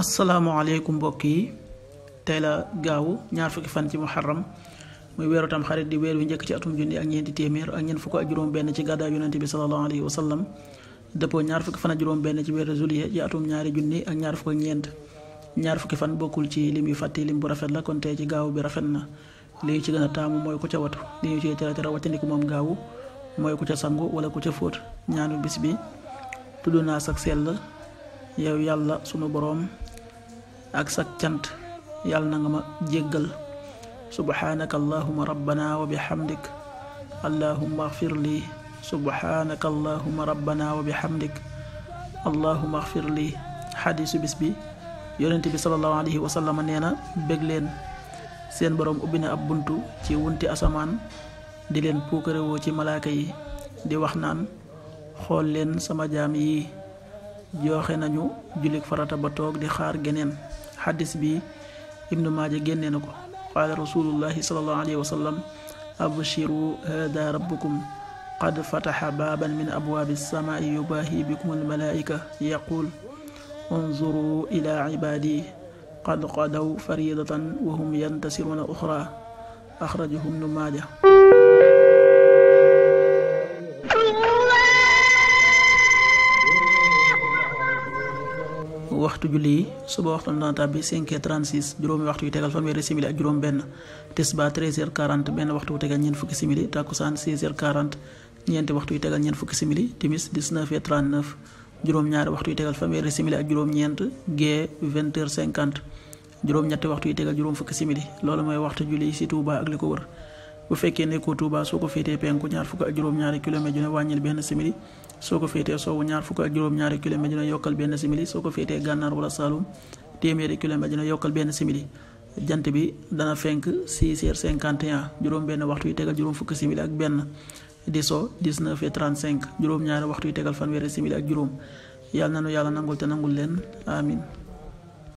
asalaamaaleykum mbokk yi tey la gaaw ñaar fukki fan ci muharram muy weeru tam xarit di weer wi njëkk ci atum junni ak ñeenti téeméer ak ñeent fukk ak juróom-benn ci gàddaay yonente bi salallahu alayhi wa sallam dëppoo ñaar fukki fan ak juróom-benn ci weeru juillet ci atum ñaari junni ak ñaar fukk ak ñaar fukki fan bokkul ci lim yu fàtte lim bu rafet la kon tey ci gaaw bi rafet na li ñu ci gën a taamu mooy ku ca watu li ñu ci tere tere wattandiku moom gaaw mooy ku ca sangu wala ku ca fóot ñaanu bis bi tudd naa sax sell yow yàlla sunu boroom ak sa cant yàlla na nga ma jéggal subhaanaka allahuma rabbana wa bihamdik allahuma axfir lii subhaanaka allahuma rabbana wa bihamdik allahuma axfir lii xadiisu bi yonent bi sallallahu alayhi wa sallam nee na bég leen seen boroom ubbi na ab buntu ci wunti asamaan di leen puukarewoo ci malaaka yi di wax naan xool leen sama jaam yi joxe nañu jullik farata ba toog di xaar geneen xaddis bi ibnu maaja génne na ko qaala rasulullahi salallahu alayhi wa sallam abshiru hada rabbukum qad fataxa baaban min abwaabi samaai yubaahi bikum almalaika yaqul unzuru ila cibaadi qad qadaw faridatan wa hum yantasiruuna uxra axrajahu ibnu maaja waxtu julli yi suba waxtu dana tàbbi 5h36 juróomi waxtu yu tegal fanweeri simili ak juróom benn tisbaar 13h40 benn waxtu tegal ñeent fukki simili takkusaan 16h40 ñeenti juróom ñaari waxtu yu tegal fanweeri simili ak juróom ñeent gee 20h50 juróom ñetti waxtu yu tegal juróom fukki simili loolu mooy waxtu julli ci Touba ak li ko wër bu fekkee nekkoo Touba soo ko féetee penku ñaar fukk ak juróom ñaari soo ko féetee soowu ñaar fukk ak juróom-ñaari kilomètre dina yokkal benn simili soo ko féetee gànnaar wala saalum téeméeri kilomètre dina yokkal benn simili jant bi dana fenk 6 heures 51 juróom benn waxtu yi tegal juróom fukk simili ak benn di so 19 et 35 juróom-ñaari waxtu yi tegal fanweeri simili ak juróom yàlla nanu yàlla nangul te nangul leen amin